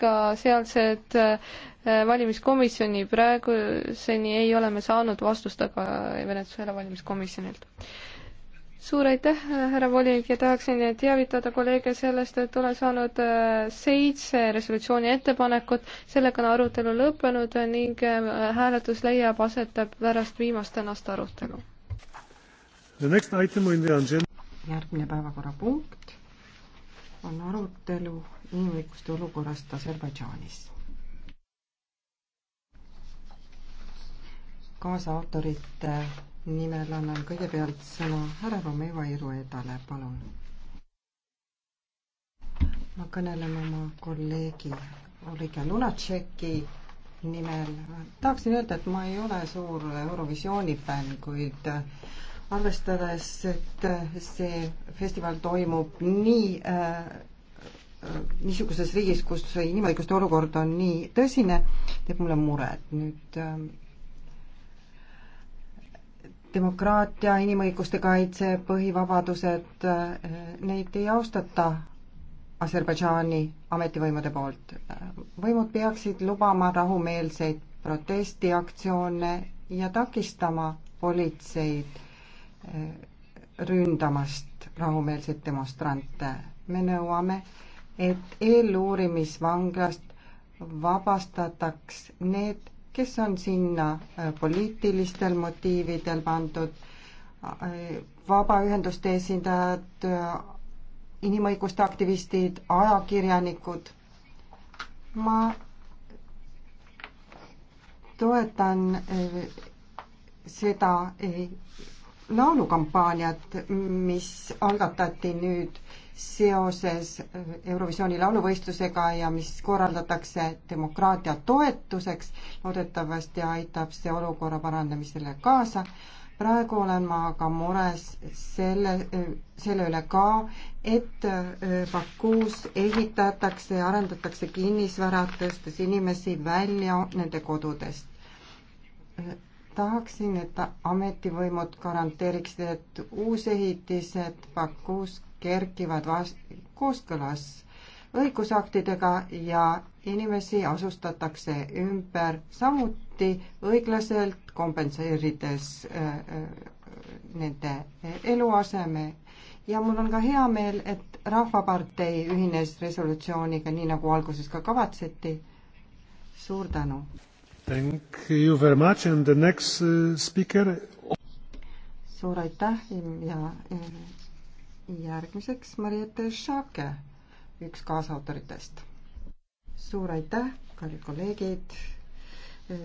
ka sealsed äh, valimiskomisjoni, praeguseni ei ole me saanud vastust aga Venezuela valimiskomisjonilt. suur aitäh, härra volinik ja tahaksin teavitada kolleege sellest, et olen saanud äh, seitse resolutsiooni ettepanekut, sellega on arutelu lõppenud ning äh, hääletus leiab aset pärast viimast tänast arutelu. järgmine päevakorrapunkt on arutelu inimõiguste olukorrast Aserbaidžaanis. kaasautorite nimel annan kõigepealt sõna härra Romeva Iruedale, palun. ma kõnelen oma kolleegi Ulrike Lunatšeki nimel. tahaksin öelda, et ma ei ole suur Eurovisiooni fänn, kuid arvestades, et see festival toimub nii äh, niisuguses riigis, kus inimõiguste olukord on nii tõsine, teeb mulle muret. nüüd äh, demokraatia, inimõiguste kaitse, põhivabadused, äh, neid ei austata Aserbaidžaani ametivõimude poolt. võimud peaksid lubama rahumeelseid protestiaktsioone ja takistama politseid äh, ründamast rahumeelseid demonstrante. me nõuame äh, et eeluurimisvanglast vabastataks need, kes on sinna äh, poliitilistel motiividel pandud, äh, vabaühenduste esindajad, äh, inimõiguste aktivistid, ajakirjanikud. ma toetan seda laulukampaaniat, mis algatati nüüd seoses Eurovisiooni lauluvõistlusega ja mis korraldatakse demokraatia toetuseks. loodetavasti aitab see olukorra parandamisele kaasa. praegu olen ma aga mures selle, selle üle ka, et äh, Bakuus ehitatakse ja arendatakse kinnisvara, tõstes inimesi välja nende kodudest. Äh, tahaksin, et ametivõimud garanteeriksid, et uusehitised Bakuus kerkivad vas-, kooskõlas õigusaktidega ja inimesi asustatakse ümber samuti õiglaselt, kompenseerides äh, äh, nende eluaseme ja mul on ka hea meel, et Rahvapartei ühines resolutsiooniga, nii nagu alguses ka kavatseti. suur tänu! Thank you very much and the next uh, speaker suur aitäh ja järgmiseks Mariette Schake, üks kaasautoritest. suur aitäh, kallid kolleegid,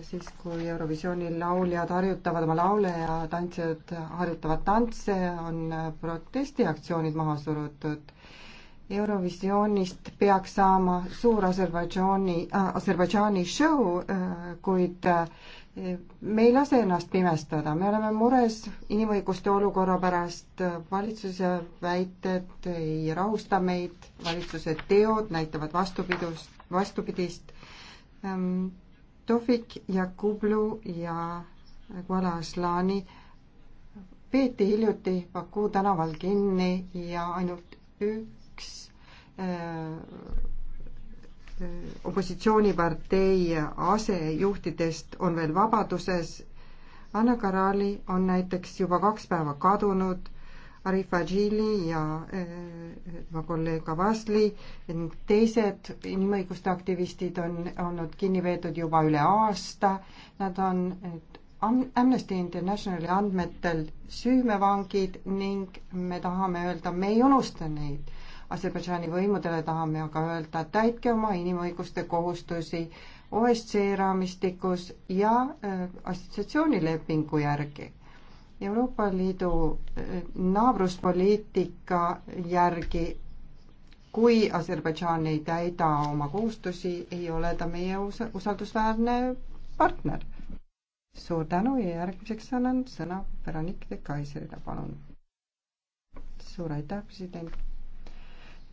siis kui Eurovisiooni lauljad harjutavad oma laule ja tantsijad harjutavad tantse, on protestiaktsioonid maha surutud. Eurovisioonist peaks saama suur Aserbaidžaani äh,, Aserbaidžaani show äh,, kuid äh, me ei lase ennast pimestada, me oleme mures inimõiguste olukorra pärast, valitsuse väited ei rahusta meid, valitsuse teod näitavad vastupidust, vastupidist. Ehm, Tofik ja Kublu ja Kuala Aslani peeti hiljuti Baku tänaval kinni ja ainult üks äh, opositsioonipartei asejuhtidest on veel vabaduses. Anna Karali on näiteks juba kaks päeva kadunud, Arif Adžili ja tema eh, kolleeg Avasli ning teised inimõiguste aktivistid on olnud kinni veetud juba üle aasta. Nad on nüüd Amnesty Internationali andmetel süümevangid ning me tahame öelda, me ei unusta neid Aserbaidžaani võimudele tahame aga öelda, täitke oma inimõiguste kohustusi OSCE raamistikus ja äh, assotsiatsioonilepingu järgi. Euroopa Liidu äh, naabruspoliitika järgi kui Aserbaidžaan ei täida oma kohustusi, ei ole ta meie usaldusväärne partner. suur tänu ja järgmiseks annan sõna Veronika Kaiserile, palun. suur aitäh, president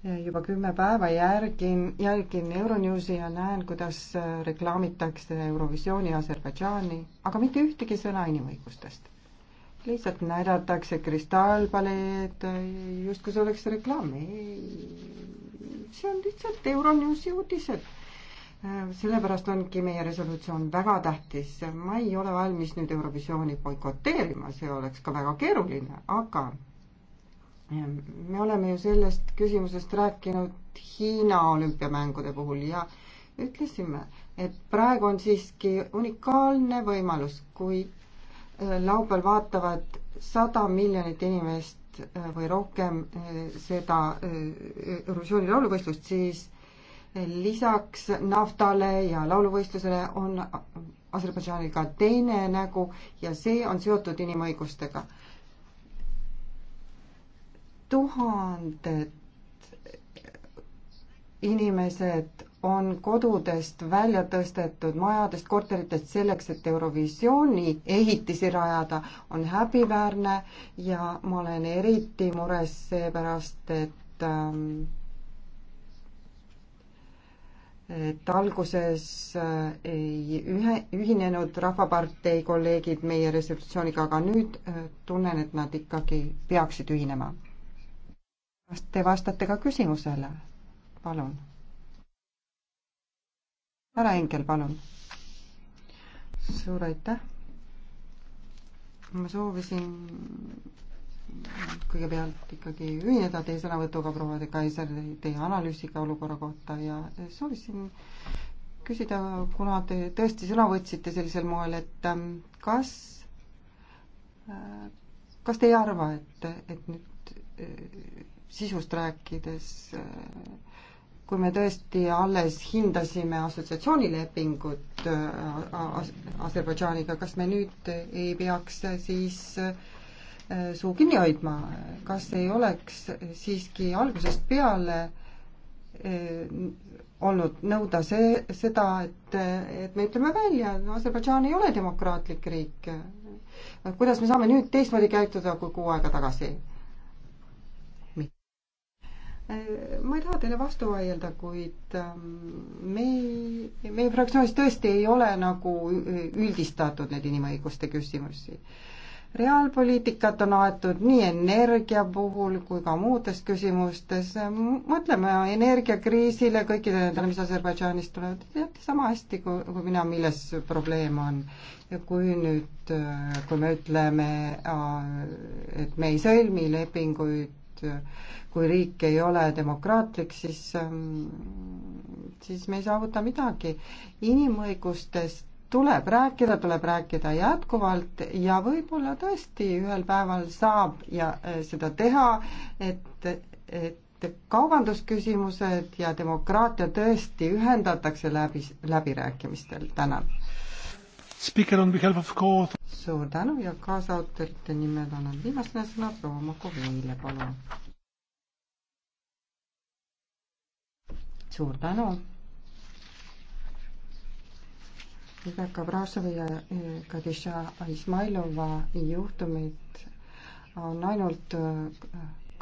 juba kümme päeva järgin, jälgin Euronewsi ja näen, kuidas äh, reklaamitakse Eurovisiooni Aserbaidžaani, aga mitte ühtegi sõna inimõigustest. lihtsalt näidatakse kristallpaleed, justkui see oleks reklaam. ei, see on lihtsalt Euronewsi uudised. Äh, sellepärast ongi meie resolutsioon väga tähtis. ma ei ole valmis nüüd Eurovisiooni boikoteerima, see oleks ka väga keeruline, aga me oleme ju sellest küsimusest rääkinud Hiina olümpiamängude puhul ja ütlesime, et praegu on siiski unikaalne võimalus, kui äh, laupäeval vaatavad sada miljonit inimest äh, või rohkem äh, seda Eurovisiooni lauluvõistlust, siis lisaks naftale ja lauluvõistlusele on Aserbaidžaanil ka teine nägu ja see on seotud inimõigustega tuhanded inimesed on kodudest välja tõstetud majadest, korteritest selleks, et Eurovisiooni ehitisi rajada, on häbiväärne ja ma olen eriti mures seepärast, et ähm, et alguses äh, ei ühe, ühinenud Rahvapartei kolleegid meie resolutsiooniga, aga nüüd äh, tunnen, et nad ikkagi peaksid ühinema kas te vastate ka küsimusele? palun. härra Engel, palun. suur aitäh. ma soovisin kõigepealt ikkagi ühineda teie sõnavõtuga, proua de Kaiser, teie analüüsiga olukorra kohta ja soovisin küsida, kuna te tõesti sõna võtsite sellisel moel, et ähm, kas, äh, kas te ei arva, et, et nüüd äh, sisust rääkides, äh, kui me tõesti alles hindasime assotsiatsioonilepingut äh, Aserbaidžaaniga, kas me nüüd ei peaks siis äh, suu kinni hoidma, kas ei oleks siiski algusest peale olnud nõuda see, seda, et, et me ütleme välja, et Aserbaidžaan ei ole demokraatlik riik. kuidas me saame nüüd teistmoodi käituda kui kuu aega tagasi? ma ei taha teile vastu vaielda, kuid ähm, me ei, meie fraktsioonis tõesti ei ole nagu üldistatud neid inimõiguste küsimusi. reaalpoliitikat on aetud nii energia puhul kui ka muudes küsimustes, mõtleme energiakriisile, kõikidele nendele, mis Aserbaidžaanist tulevad, teate sama hästi kui, kui mina, milles probleem on. ja kui nüüd, äh, kui me ütleme, äh, et me ei sõlmi lepinguid kui riik ei ole demokraatlik, siis, ähm, siis me ei saavuta midagi. inimõigustest tuleb rääkida, tuleb rääkida jätkuvalt ja võib-olla tõesti ühel päeval saab ja äh, seda teha, et, et kaubandusküsimused ja demokraatia tõesti ühendatakse läbi, läbirääkimistel. tänan Speaker on behalf of co- suur tänu ja kaasautorite nimel annan viimasena sõna proua Makoveile, palun. suur tänu. Iveka Brašovi ja eh, Kadisha Izmailova juhtumid on ainult eh,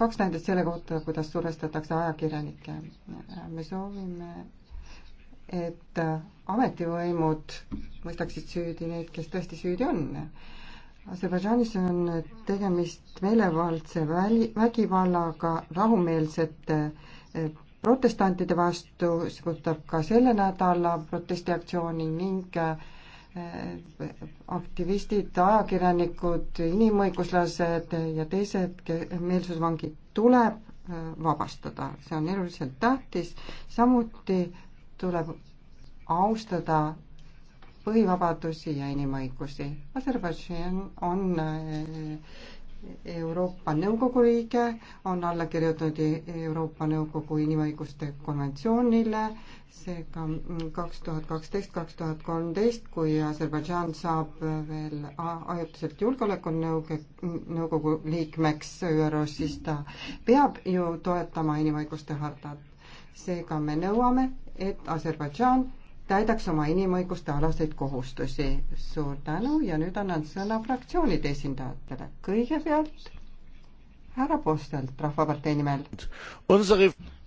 kaks näidet selle kohta, kuidas survestatakse ajakirjanikke. me soovime et ametivõimud mõistaksid süüdi neid, kes tõesti süüdi on. Aserbaidžaanis on tegemist meelevaldse väli, vägivallaga rahumeelsete eh, protestantide vastu, see puudutab ka selle nädala protestiaktsiooni ning eh, aktivistid, ajakirjanikud, inimõiguslased ja teised meelsusvangid tuleb eh, vabastada, see on eluliselt tähtis, samuti tuleb austada põhivabadusi ja inimõigusi. Aserbaidžan on äh, Euroopa Nõukogu liige, on alla kirjutanud e-, Euroopa Nõukogu inimõiguste konventsioonile, seega kaks tuhat kaksteist, kaks tuhat kolmteist, kui Aserbaidžan saab veel ajutiselt julgeolekunõukogu liikmeks ÜRO-s, siis ta peab ju toetama inimõiguste hartat. seega me nõuame, et Aserbaidžan täidaks oma inimõiguste alaseid kohustusi. suur tänu ja nüüd annan sõna fraktsioonide esindajatele. kõigepealt härra Postelt Rahvapartei nimel.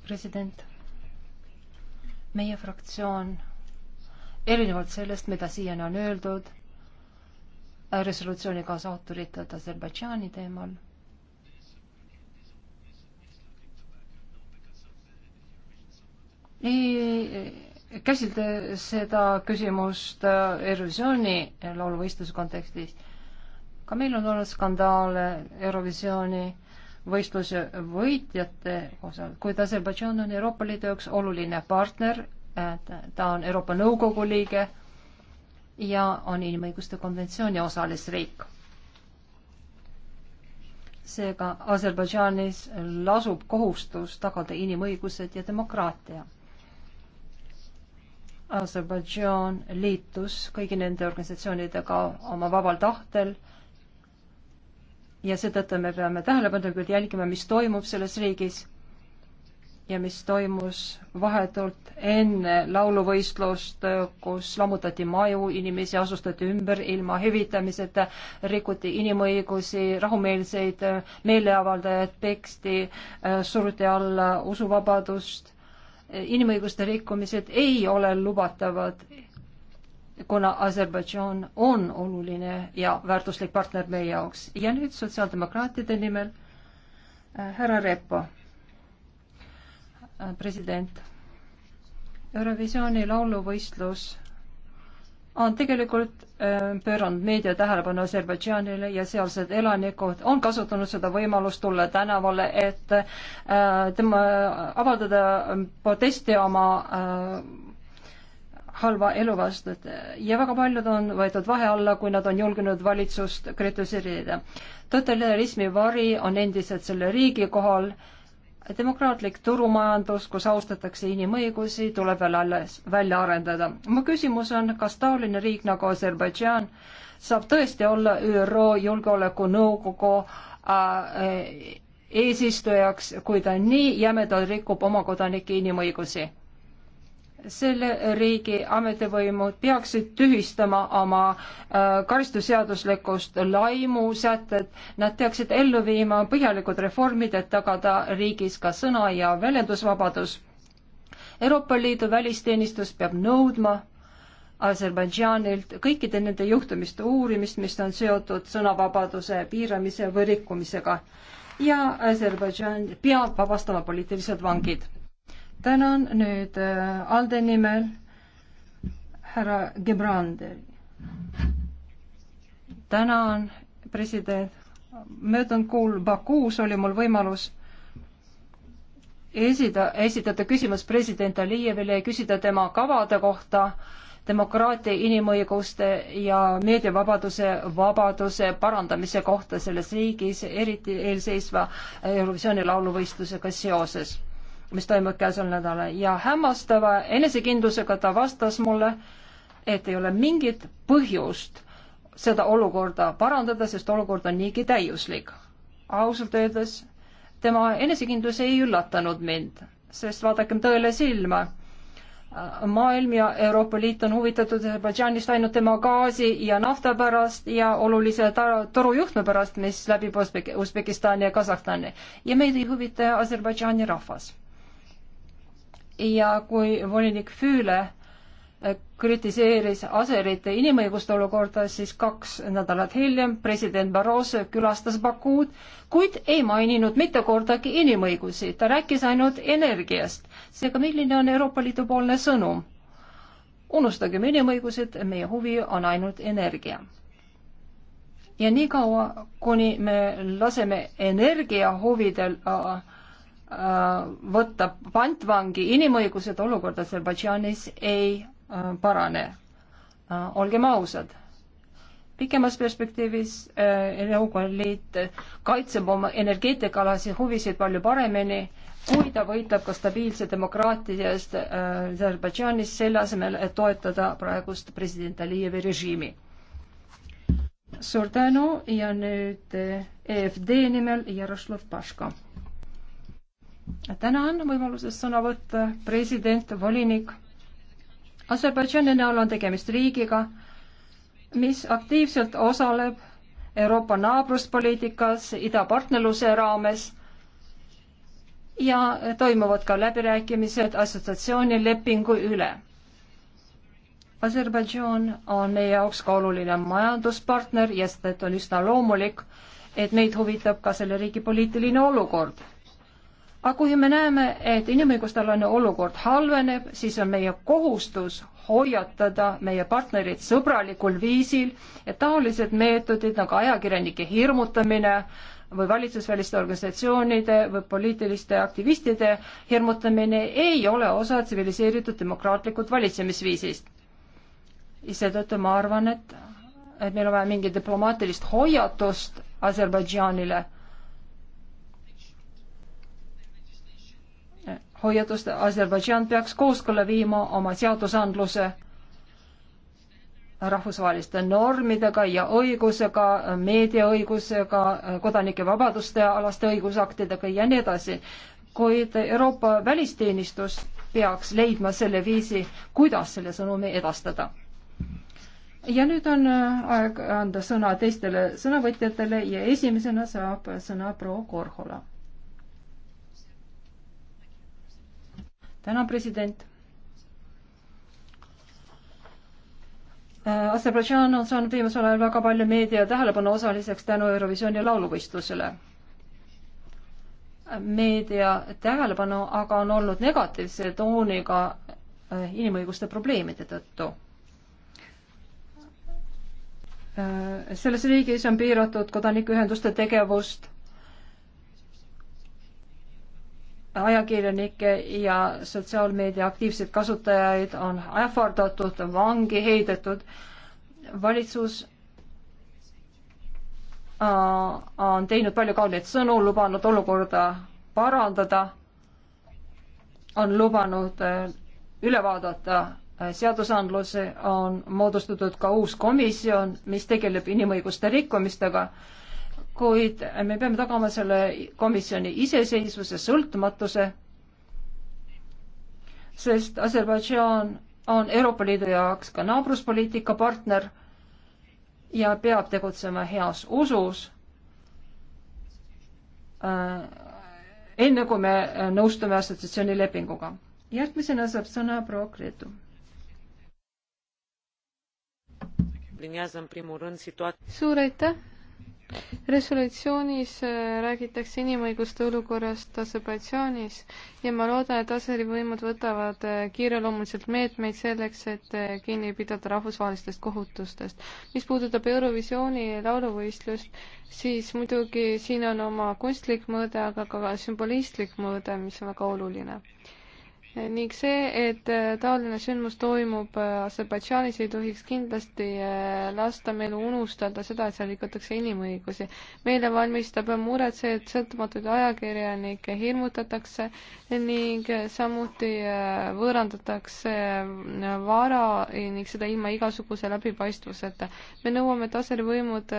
president, meie fraktsioon, erinevalt sellest, mida siiani on öeldud, resolutsiooni kaasautoritet Aserbaidžaani teemal ei, ei, ei käsitles seda küsimust äh, Eurovisiooni lauluvõistluse kontekstis. ka meil on olnud skandaale Eurovisiooni võistluse võitjate osas, kuid Aserbaidžaan on Euroopa Liidu jaoks oluline partner, ta on Euroopa Nõukogu liige ja on inimõiguste konventsiooni osalisriik seega Aserbaidžaanis lasub kohustus tagada inimõigused ja demokraatia. Aserbaidžaan liitus kõigi nende organisatsioonidega oma vabal tahtel ja seetõttu me peame tähelepanelikult jälgima, mis toimub selles riigis ja mis toimus vahetult enne lauluvõistlust, kus lammutati maju, inimesi asustati ümber ilma hüvitamiseta, rikuti inimõigusi, rahumeelseid meeleavaldajaid peksti, suruti alla usuvabadust inimõiguste rikkumised ei ole lubatavad, kuna Aserbaidžaan on oluline ja väärtuslik partner meie jaoks. ja nüüd sotsiaaldemokraatide nimel äh, härra Repo, äh, president. Eurovisiooni lauluvõistlus on tegelikult äh, pööranud meedia tähelepanu Aserbaidžaanile ja sealsed elanikud on kasutanud seda võimalust tulla tänavale, et äh, tema avaldada protesti oma äh, halva elu vastu ja väga paljud on võetud vahe alla, kui nad on julgenud valitsust kritiseerida. totalitarismi vari on endiselt selle riigi kohal äh, demokraatlik turumajandus, kus austatakse inimõigusi, tuleb veel alles välja arendada. mu küsimus on, kas taoline riik nagu Aserbaidžaan saab tõesti olla ÜRO Julgeolekunõukogu äh, eesistujaks, kui ta nii jämedalt rikub oma kodanike inimõigusi? selle riigi ametivõimud peaksid tühistama oma äh, karistusseaduslikust laimusätted, nad peaksid ellu viima põhjalikud reformid, et tagada riigis ka sõna- ja väljendusvabadus. Euroopa Liidu välisteenistus peab nõudma Aserbaidžaanilt kõikide nende juhtumiste uurimist, mis on seotud sõnavabaduse piiramise või rikkumisega ja Aserbaidžaan peab vabastama poliitilised vangid tänan nüüd äh, Alde nimel härra Gebranderi. tänan, president. möödunud kuul Bakuus oli mul võimalus esida, esitada küsimus president Alijevile ja küsida tema kavade kohta demokraatia, inimõiguste ja meediavabaduse, vabaduse parandamise kohta selles riigis, eriti eelseisva Eurovisiooni lauluvõistlusega seoses mis toimub käesoleval nädalal ja hämmastava enesekindlusega ta vastas mulle, et ei ole mingit põhjust seda olukorda parandada, sest olukord on niigi täiuslik. ausalt öeldes tema enesekindlus ei üllatanud mind, sest vaadakem tõele silma maailm ja Euroopa Liit on huvitatud Aserbaidžaanist ainult tema gaasi ja nafta pärast ja olulise torujuhtme pärast, mis läbib Usbekistani ja Kasahstani. ja meid ei huvita Aserbaidžaani rahvas ja kui volinik Füüle äh, kritiseeris aserite inimõiguste olukorda, siis kaks nädalat hiljem president Barroso külastas Bakuud, kuid ei maininud mitte kordagi inimõigusi, ta rääkis ainult energiast. seega, milline on Euroopa Liidu poolne sõnum? unustagem inimõigused, meie huvi on ainult energia. ja niikaua, kuni me laseme energia huvidel äh, võtta pantvangi inimõigused, olukord Aserbaidžaanis ei äh, parane. Äh, olgem ausad, pikemas perspektiivis Nõukogude äh, Liit kaitseb oma energeetikaalasi huvisid palju paremini, kui ta võitleb ka stabiilse demokraatia eest Aserbaidžaanis, selle asemel, et toetada praegust president Alijevi režiimi. suur tänu ja nüüd EFD nimel Jaroslav Paško tänan võimalusest sõna võtta, president, volinik. Aserbaidžani näol on tegemist riigiga, mis aktiivselt osaleb Euroopa naabruspoliitikas, idapartnerluse raames ja toimuvad ka läbirääkimised assotsiatsioonilepingu üle. Aserbaidžaan on meie jaoks ka oluline majanduspartner ja seetõttu on üsna loomulik, et meid huvitab ka selle riigi poliitiline olukord aga kui me näeme, et inimõigustalane olukord halveneb, siis on meie kohustus hoiatada meie partnerid sõbralikul viisil, et taolised meetodid nagu ajakirjanike hirmutamine või valitsusväliste organisatsioonide või poliitiliste aktivistide hirmutamine ei ole osa tsiviliseeritud demokraatlikult valitsemisviisist. seetõttu ma arvan, et, et meil on vaja mingit diplomaatilist hoiatust Aserbaidžaanile hoiatust, Aserbaidžaan peaks kooskõlla viima oma seadusandluse rahvusvaheliste normidega ja õigusega, meediaõigusega, kodanike vabaduste alaste õigusaktidega ja nii edasi. kuid Euroopa välisteenistus peaks leidma selle viisi, kuidas selle sõnumi edastada. ja nüüd on aeg anda sõna teistele sõnavõtjatele ja esimesena saab sõna proua Korhola tänan, president. Äh, Aserbaidžaan on saanud viimasel ajal väga palju meedia tähelepanu osaliseks tänu Eurovisiooni lauluvõistlusele. Äh, meedia tähelepanu aga on olnud negatiivse tooniga äh, inimõiguste probleemide tõttu selles riigis on piiratud kodanikuühenduste tegevust, ajakirjanikke ja sotsiaalmeedia aktiivseid kasutajaid on ähvardatud, vangi heidetud. valitsus äh, on teinud palju kauneid sõnu, lubanud olukorda parandada, on lubanud äh, üle vaadata äh, seadusandluse, on moodustatud ka uus komisjon, mis tegeleb inimõiguste rikkumistega kuid me peame tagama selle komisjoni iseseisvuse, sõltumatuse, sest Aserbaidžaan on Euroopa Liidu jaoks ka naabruspoliitika partner ja peab tegutsema heas usus äh,, enne kui me nõustume assotsiatsioonilepinguga. järgmisena saab sõna proua Gretu. suur aitäh, resolutsioonis äh, räägitakse inimõiguste olukorrast Aserbaidžaanis ja ma loodan, et Aseri võimud võtavad äh, kiireloomuliselt meetmeid selleks, et äh, kinni pidada rahvusvahelistest kohutustest. mis puudutab Eurovisiooni lauluvõistlust, siis muidugi siin on oma kunstlik mõõde, aga ka sümbolistlik mõõde, mis on väga oluline ning see, et äh, taoline sündmus toimub äh, Aserbaidžaanis, ei tohiks kindlasti äh, lasta meil unustada seda, et seal rikutakse inimõigusi. meile valmistab muret see, et sõltumatuid ajakirjanikke hirmutatakse ning samuti võõrandatakse vara ning seda ilma igasuguse läbipaistvuseta. me nõuame, et aservõimud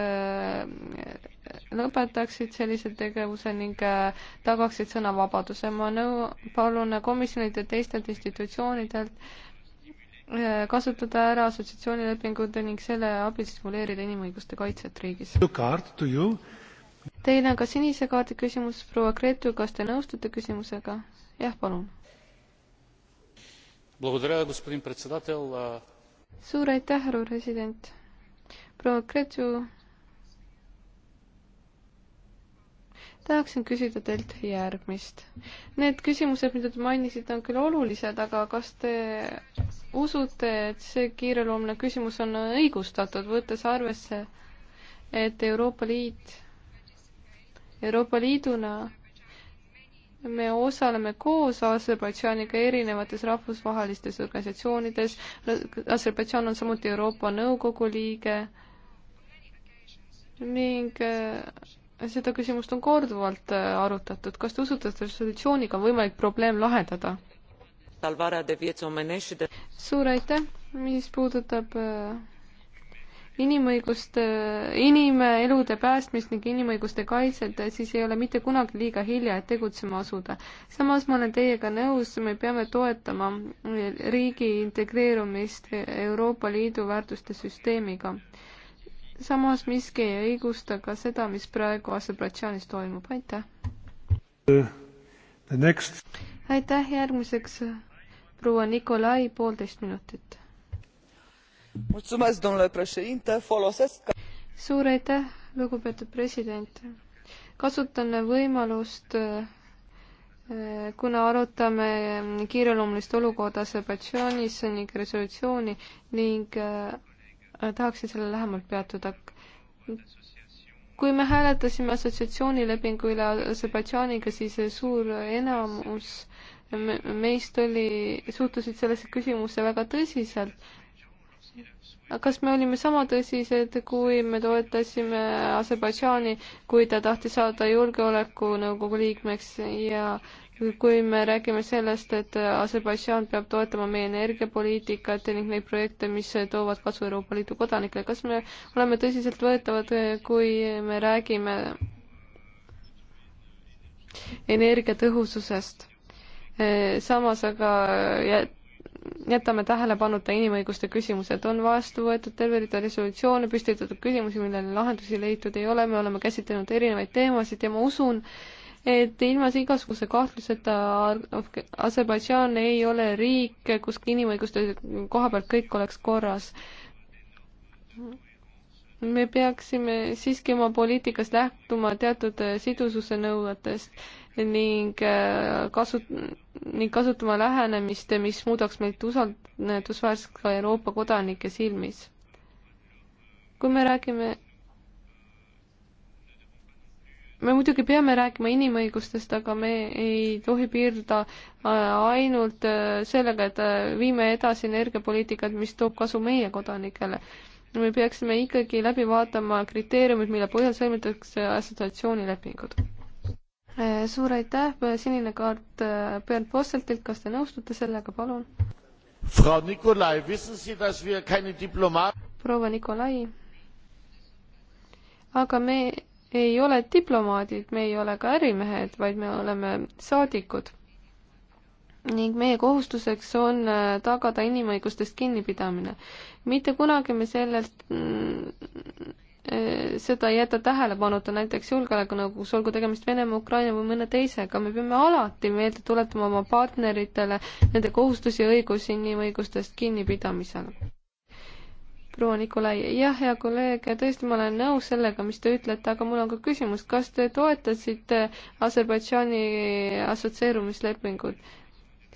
lõpetaksid sellise tegevuse ning äh, tagaksid sõnavabaduse. ma nõu-, palun komisjonilt ja teistelt institutsioonidelt äh, kasutada ära assotsiatsioonilepingud ning selle abil stimuleerida inimõiguste kaitset riigis. Teil on ka sinise kaardi küsimus, proua Gretu, kas te nõustute küsimusega? jah, palun. suur aitäh, härra president. proua Gretu tahaksin küsida teilt järgmist. Need küsimused, mida te mainisite, on küll olulised, aga kas te usute, et see kiireloomne küsimus on õigustatud, võttes arvesse, et Euroopa Liit, Euroopa Liiduna me osaleme koos Aserbaidžaaniga erinevates rahvusvahelistes organisatsioonides, Aserbaidžaan on samuti Euroopa Nõukogu liige ning seda küsimust on korduvalt äh, arutatud. kas te usute, et resolutsiooniga on võimalik probleem lahendada? suur aitäh, mis puudutab äh, inimõiguste, inimelude päästmist ning inimõiguste kaitset, siis ei ole mitte kunagi liiga hilja, et tegutsema asuda. samas ma olen teiega nõus, me peame toetama äh, riigi integreerumist Euroopa Liidu väärtuste süsteemiga samas miski ei õigusta ka seda, mis praegu Aserbaidžaanis toimub, aitäh. aitäh, järgmiseks proua Nikolai, poolteist minutit. suur aitäh, lugupeetud president. kasutan võimalust eh, kuna arutame kiireloomulist olukorda Aserbaidžaanis ning resolutsiooni ning eh, tahaksin sellele lähemalt peatuda. kui me hääletasime assotsiatsioonilepingu üle Aserbaidžaaniga, siis suur enamus meist oli, suhtusid sellesse küsimusse väga tõsiselt. kas me olime sama tõsised, kui me toetasime Aserbaidžaani, kui ta tahtis saada Julgeolekunõukogu liikmeks ja äh, kui me räägime sellest, et Aserbaidžaan peab toetama meie energiapoliitikat ning neid projekte, mis toovad kasu Euroopa Liidu kodanikele, kas me oleme tõsiseltvõetavad, kui me räägime energiatõhususest? samas aga jätame tähelepanuta inimõiguste küsimused, on vastu võetud terve rida resolutsioone, püstitatud küsimusi, millele lahendusi leitud ei ole, me oleme käsitlenud erinevaid teemasid ja ma usun, et ilma igasuguse kahtluseta Aserbaidžaan ei ole riik, kus inimõiguste koha pealt kõik oleks korras. me peaksime siiski oma poliitikas lähtuma teatud äh, sidususe nõuetest ning äh, kasu-, ning kasutama lähenemist, mis muudaks meilt usaldusväärseks ka Euroopa kodanike silmis. kui me räägime me muidugi peame rääkima inimõigustest, aga me ei tohi piirduda äh, ainult äh, sellega, et äh, viime edasi energiapoliitikat, mis toob kasu meie kodanikele. me peaksime ikkagi läbi vaatama kriteeriumid, mille põhjal sõlmitakse assotsiatsioonilepingud. suur aitäh, sinine kaart Bernd Posseltilt, kas te nõustute sellega, palun? proua Nikolai, aga me ei ole diplomaadid, me ei ole ka ärimehed, vaid me oleme saadikud. ning meie kohustuseks on äh, tagada inimõigustest kinnipidamine. mitte kunagi me sellelt mm, äh, seda ei jäta tähelepanuta näiteks julgeolekunõukogus, olgu tegemist Venemaa, Ukraina või mõne teisega, me peame alati meelde tuletama oma partneritele nende kohustusi ja õigusi inimõigustest kinnipidamisel proua Nikolai, jah, hea kolleeg, tõesti, ma olen nõus sellega, mis te ütlete, aga mul on ka küsimus, kas te toetasite Aserbaidžaani assotsieerumislepingut?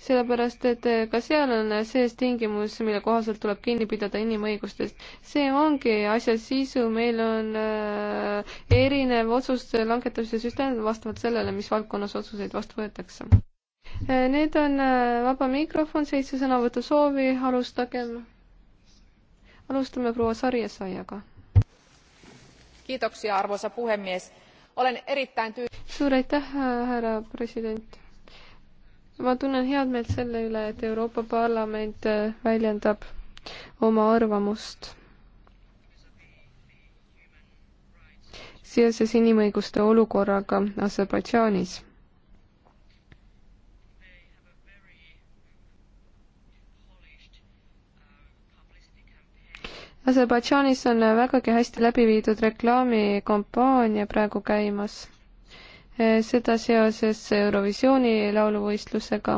sellepärast, et ka seal on sees tingimus, mille kohaselt tuleb kinni pidada inimõigustest. see ongi asja sisu, meil on äh, erinev otsuste langetamise süsteem vastavalt sellele, mis valdkonnas otsuseid vastu võetakse. Äh, Need on äh, vaba mikrofon, seitse sõnavõtusoovi, alustagem alustame proua Sarjesaiaga. kiitoksia, arvoisa puhemees. olen erittäin tüü-. suur aitäh, härra president. ma tunnen head meelt selle üle, et Euroopa Parlament äh, väljendab oma arvamust seoses inimõiguste olukorraga Aserbaidžaanis Aserbaidžaanis on vägagi hästi läbi viidud reklaamikampaania praegu käimas, seda seoses Eurovisiooni lauluvõistlusega.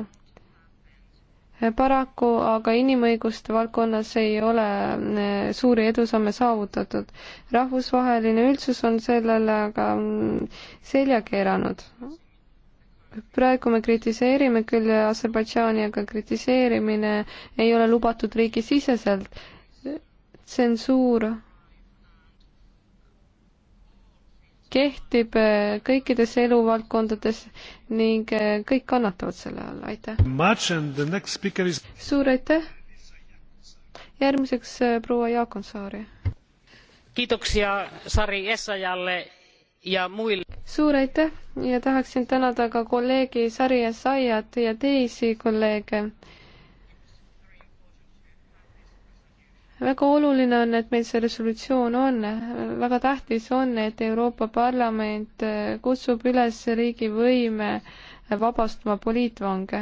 paraku aga inimõiguste valdkonnas ei ole eh, suuri edusamme saavutatud. rahvusvaheline üldsus on sellele aga mm, selja keeranud praegu me kritiseerime küll Aserbaidžaani, aga kritiseerimine ei ole lubatud riigisiseselt tsensuur kehtib äh, kõikides eluvaldkondades ning äh, kõik kannatavad selle all, aitäh. Is... suur aitäh. järgmiseks äh, proua Jaakonsaari. kiitoksia Sari Essayalle ja muil. suur aitäh ja tahaksin tänada ka kolleegi Sari Essayat ja teisi kolleege väga oluline on, et meil see resolutsioon on, väga tähtis on, et Euroopa Parlament eh, kutsub üles riigivõime vabastama poliitvange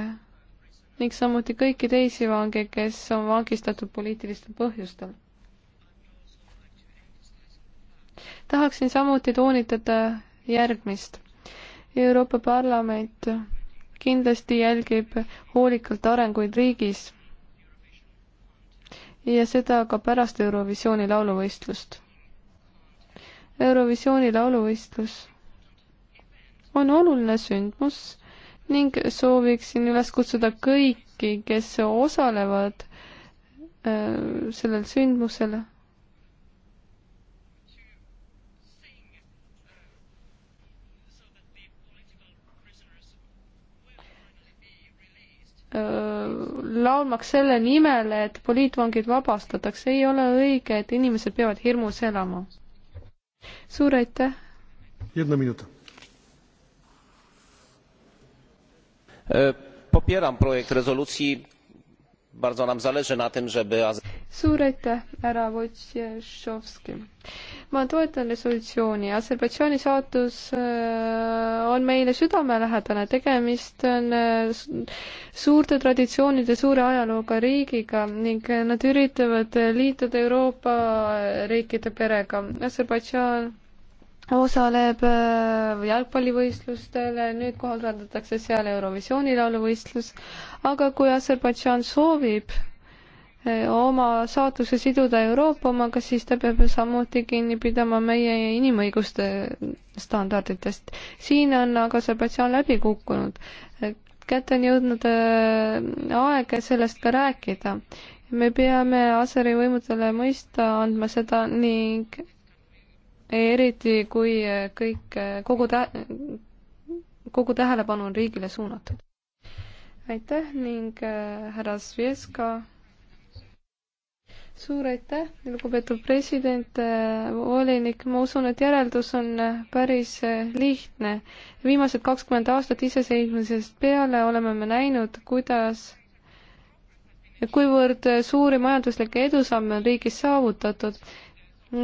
ning samuti kõiki teisi vange, kes on vangistatud poliitilistel põhjustel. tahaksin samuti toonitada järgmist. Euroopa Parlament kindlasti jälgib hoolikalt arenguid riigis ja seda ka pärast Eurovisiooni lauluvõistlust. Eurovisiooni lauluvõistlus on oluline sündmus ning sooviksin üles kutsuda kõiki, kes osalevad äh, sellel sündmusel laulmaks selle nimel, et poliitvangid vabastatakse, ei ole õige, et inimesed peavad hirmus elama. suur aitäh! jedna minuta. popieram projekt rezolucji bardzo nam zależy na tym, żeby... suur aitäh, härra Wojtšovski. ma toetan resolutsiooni. Aserbaidžaani saatus äh, on meile südamelähedane. tegemist on äh, suurte traditsioonide, suure ajalooga riigiga ning nad üritavad liituda Euroopa riikide perega. Aserbaidžaan osaleb äh, jalgpallivõistlustel, nüüd korraldatakse seal Eurovisiooni lauluvõistlus, aga kui Aserbaidžaan soovib äh, oma saatuse siduda Euroopa omaga, siis ta peab samuti kinni pidama meie inimõiguste standarditest. siin on aga Aserbaidžaan läbi kukkunud. Äh, kätte on jõudnud aeg sellest ka rääkida. me peame Aseri võimudele mõista andma seda ning eriti kui kõik, kogu tä-, kogu tähelepanu on riigile suunatud. aitäh ning äh, härra Svjeska, suur aitäh, lugupeetud president, äh, volinik, ma usun, et järeldus on äh, päris lihtne. viimased kakskümmend aastat iseseisvumisest peale oleme me näinud, kuidas kuivõrd suuri majanduslikke edusamme on riigis saavutatud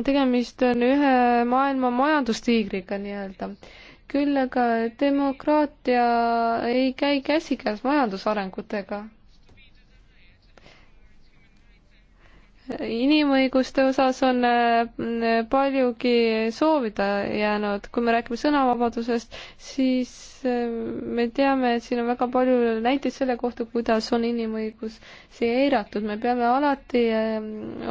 tegemist on ühe maailma majandustiigriga nii-öelda. küll aga demokraatia ei käi käsikäes majandusarengutega inimõiguste osas on äh, paljugi soovida jäänud, kui me räägime sõnavabadusest, siis äh, me teame, et siin on väga palju näiteid selle kohta, kuidas on inimõigusi eiratud, me peame alati äh,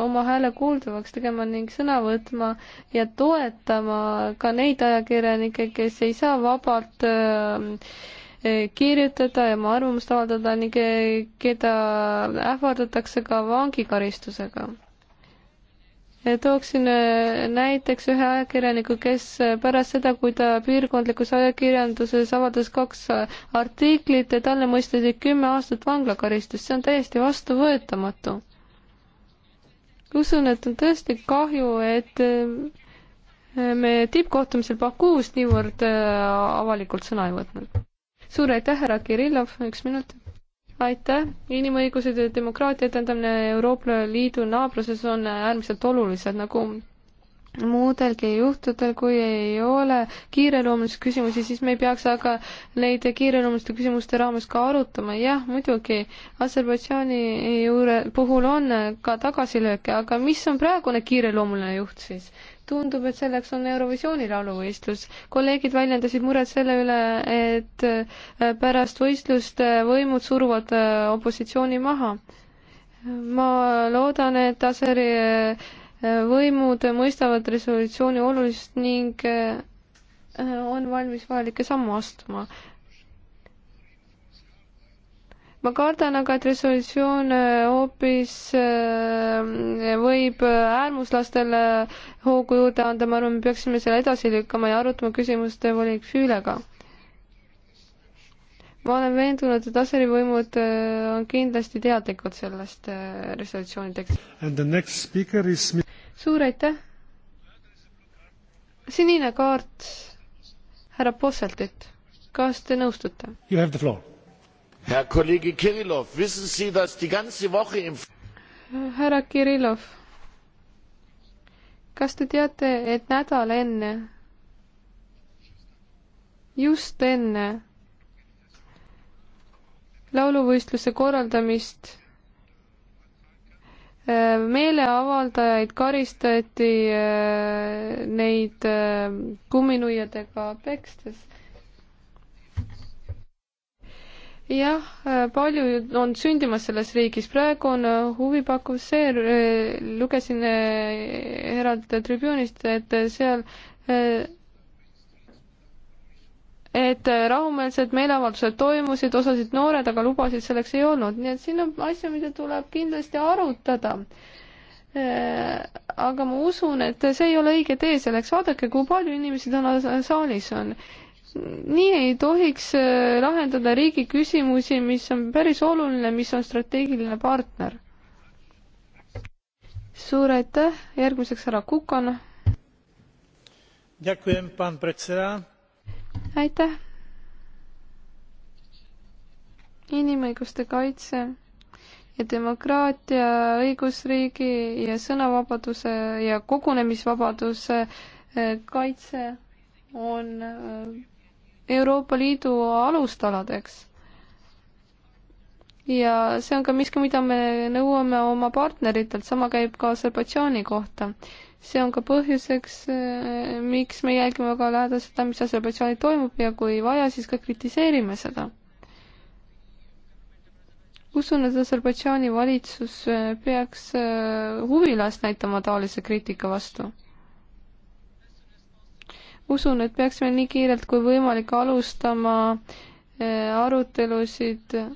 oma hääle kuuldavaks tegema ning sõna võtma ja toetama ka neid ajakirjanikke, kes ei saa vabalt äh, kirjutada ja oma arvamust avaldada ning eh, keda ähvardatakse ka vangikaristusega. tooksin eh, näiteks ühe ajakirjaniku, kes eh, pärast seda, kui ta piirkondlikus ajakirjanduses avaldas kaks artiklit, talle mõisteti kümme aastat vanglakaristust, see on täiesti vastuvõetamatu. usun, et on tõesti kahju, et me tippkohtumisel Bakuus niivõrd avalikult sõna ei võtnud suur aitäh, härra Kirillov, üks minut. aitäh, inimõigused ja demokraatia edendamine Euroopa Liidu naabruses on äärmiselt olulised, nagu muudelgi juhtudel, kui ei ole kiireloomulisi küsimusi, siis me ei peaks aga neid kiireloomuliste küsimuste raames ka arutama. jah, muidugi Aserbaidžaani juure puhul on ka tagasilööke, aga mis on praegune kiireloomuline juht siis? tundub, et selleks on Eurovisiooni lauluvõistlus. kolleegid väljendasid muret selle üle, et äh, pärast võistlust äh, võimud suruvad äh, opositsiooni maha. ma loodan, et Aseri võimud mõistavad resolutsiooni olulisust ning on valmis vajalikke samme astuma ma kardan aga, et resolutsioon äh, hoopis äh, võib äh, äärmuslastele hoogu juurde anda, ma arvan, me peaksime selle edasi lükkama ja arutama küsimust volinik Füülega ma olen veendunud, et Aseri võimud on kindlasti teadlikud sellest resolutsiooni tekstist is.... suur aitäh! sinine kaart härra Posseltit, kas te nõustute? You have the floor Herr Kollege Kirillov, wissen Sie, dass die ganze Woche im härra Kirillov, kas te teate, et nädal enne, just enne lauluvõistluse korraldamist äh, meeleavaldajaid karistati äh, neid äh, kumminuiadega pekstes jah, äh, palju on sündimas selles riigis, praegu on äh, huvipakkuv see, äh, lugesin Herald Tribune'ist, et seal et rahumeelsed meeleavaldused toimusid, osasid noored, aga lubasid selleks ei olnud, nii et siin on asju, mida tuleb kindlasti arutada. aga ma usun, et see ei ole õige tee selleks, vaadake, kui palju inimesi täna saalis on nii ei tohiks äh, lahendada riigi küsimusi, mis on päris oluline, mis on strateegiline partner. suur aitäh, järgmiseks härra Kukan. aitäh. inimõiguste kaitse ja demokraatia, õigusriigi ja sõnavabaduse ja kogunemisvabaduse äh, kaitse on äh, Euroopa Liidu alustaladeks. ja see on ka miski, mida me nõuame oma partneritelt, sama käib ka Aserbaidžaani kohta. see on ka põhjuseks, eh, miks me jälgime väga lähedalt seda, mis Aserbaidžaanil toimub ja kui vaja, siis ka kritiseerime seda. usun, et Aserbaidžaani valitsus eh, peaks eh, huvi üles näitama taolise kriitika vastu usun, et peaksime nii kiirelt kui võimalik alustama äh, arutelusid äh,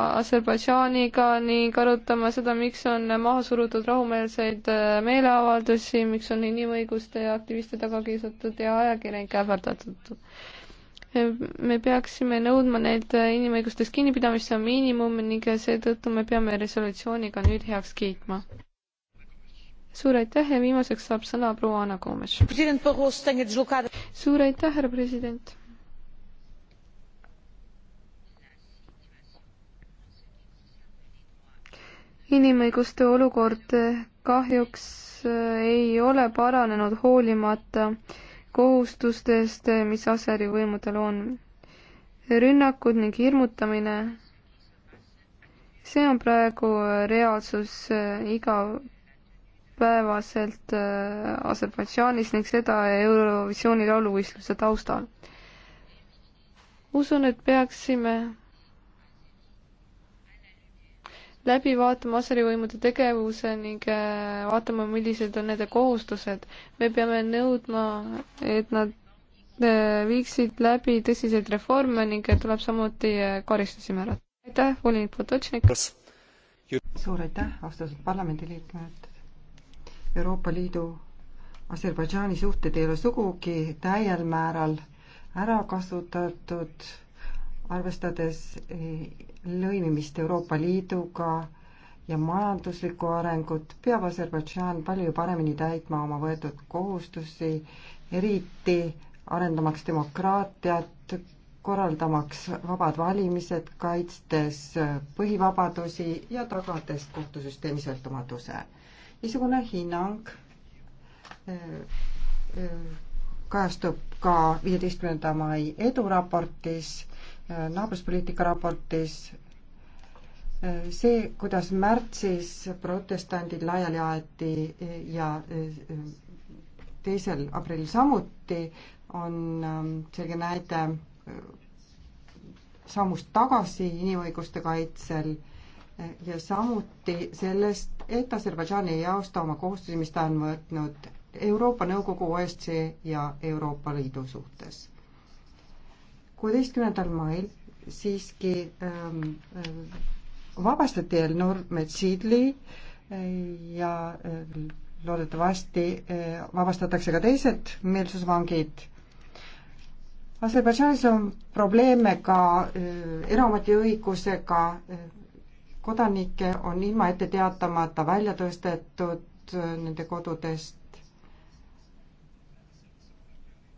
Aserbaidžaaniga ning arutama seda, miks on maha surutud rahumeelseid äh, meeleavaldusi, miks on inimõiguste ja aktiviste taga kiusatud ja ajakirjanikke ähvardatud. me peaksime nõudma neilt inimõigustest kinnipidamist, see on miinimum ning seetõttu me peame resolutsiooni ka nüüd heaks kiitma suur aitäh ja viimaseks saab sõna proua Anna Koomes. suur aitäh, härra president. inimõiguste olukord kahjuks ei ole paranenud hoolimata kohustustest, mis Aseri võimudel on. rünnakud ning hirmutamine, see on praegu reaalsus iga päevaselt äh, Aserbaidžaanis ning seda Eurovisiooni lauluvõistluse taustal. usun, et peaksime läbi vaatama Aseri võimude tegevuse ning äh, vaatama, millised on nende kohustused. me peame nõudma, et nad äh, viiksid läbi tõsiseid reforme ning tuleb samuti karistusi määrata. aitäh, volinik Potočnik! suur aitäh, austatud parlamendiliikmed! Euroopa Liidu Aserbaidžaani suhted ei ole sugugi täiel määral ära kasutatud, arvestades eh, lõimimist Euroopa Liiduga ja majanduslikku arengut, peab Aserbaidžaan palju paremini täitma oma võetud kohustusi, eriti arendamaks demokraatiat, korraldamaks vabad valimised, kaitstes põhivabadusi ja tagades kohtusüsteemi sõltumatuse niisugune hinnang äh, äh, kajastub ka viieteistkümnenda mai eduraportis, äh, naabruspoliitika raportis. see, kuidas märtsis protestandid laiali aeti ja teisel aprillil samuti, on ähm, selge näide sammust tagasi inimõiguste kaitsel ja samuti sellest, et Aserbaidžaan ei austa oma kohustusi, mis ta on võtnud Euroopa Nõukogu, OSCE ja Euroopa Liidu suhtes. kuueteistkümnendal mail siiski ähm, äh, vabastati Elnur Metsidli äh, ja äh, loodetavasti vabastatakse ka teised meelsusvangid Aserbaidžaanis on probleeme ka eraomandi õigusega, kodanikke on ilma ette teatamata välja tõstetud äh, nende kodudest.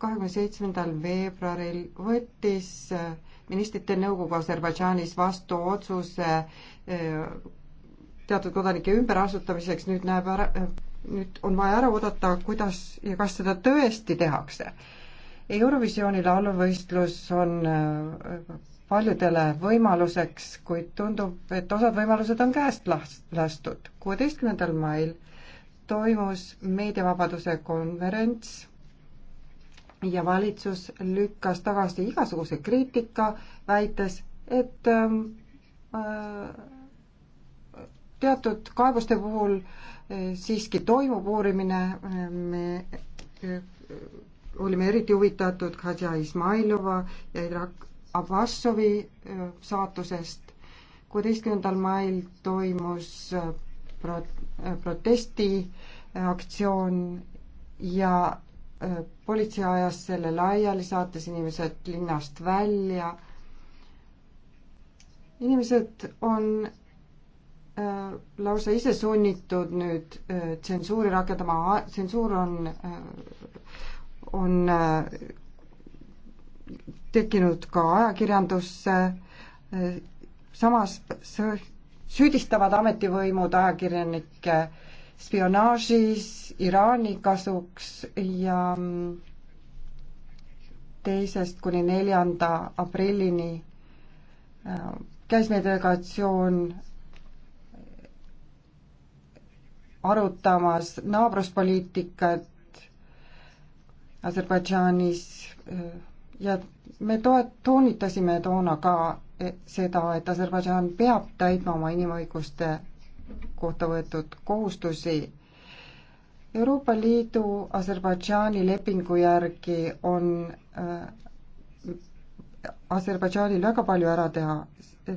kahekümne seitsmendal veebruaril võttis äh, ministrite nõukogu Aserbaidžaanis vastu otsuse äh, teatud kodanike ümberasutamiseks, nüüd näeb ära, nüüd on vaja ära oodata, kuidas ja kas seda tõesti tehakse. Eurovisiooni lauluvõistlus on paljudele võimaluseks, kuid tundub, et osad võimalused on käest lastud. kuueteistkümnendal mail toimus meediavabaduse konverents ja valitsus lükkas tagasi igasuguse kriitika, väites, et ähm, äh, teatud kaebuste puhul äh, siiski toimub uurimine äh,, me olime eriti huvitatud Kadja Izmailova ja Irak Abassovi saatusest. kuueteistkümnendal mail toimus pro-, protestiaktsioon ja politsei ajas selle laiali, saates inimesed linnast välja. inimesed on lausa ise sunnitud nüüd tsensuuri rakendama, tsensuur on, on tekkinud ka ajakirjandusse, samas süüdistavad ametivõimud ajakirjanikke spionaažis Iraani kasuks ja teisest kuni neljanda aprillini äh, käis meie delegatsioon arutamas naabruspoliitikat Aserbaidžaanis äh, ja me toet-, toonitasime toona ka e, seda, et Aserbaidžaan peab täitma oma inimõiguste kohta võetud kohustusi. Euroopa Liidu Aserbaidžaani lepingu järgi on äh, Aserbaidžaanil väga palju ära teha.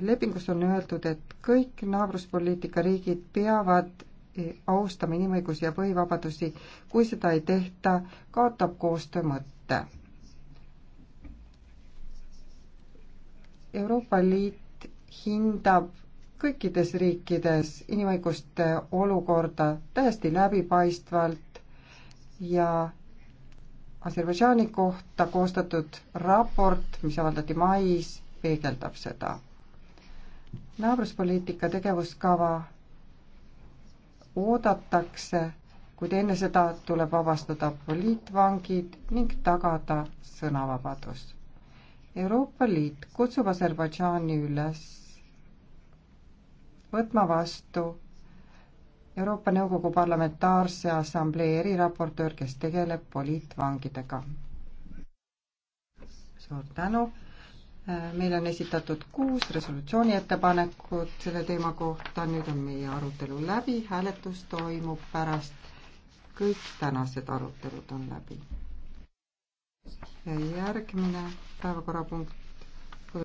lepingus on öeldud, et kõik naabruspoliitika riigid peavad e, austama inimõigusi ja põhivabadusi. kui seda ei tehta, kaotab koostöö mõtte Euroopa Liit hindab kõikides riikides inimõiguste olukorda täiesti läbipaistvalt ja Aserbaidžaani kohta koostatud raport, mis avaldati mais, peegeldab seda. naabruspoliitika tegevuskava oodatakse, kuid enne seda tuleb vabastada poliitvangid ning tagada sõnavabadus Euroopa Liit kutsub Aserbaidžaani üles võtma vastu Euroopa Nõukogu Parlamentaarse Assamblee eriraportöör, kes tegeleb poliitvangidega. suur tänu. meile on esitatud kuus resolutsiooni ettepanekut selle teema kohta, nüüd on meie arutelu läbi, hääletus toimub pärast. kõik tänased arutelud on läbi järgmine päevakorrapunkt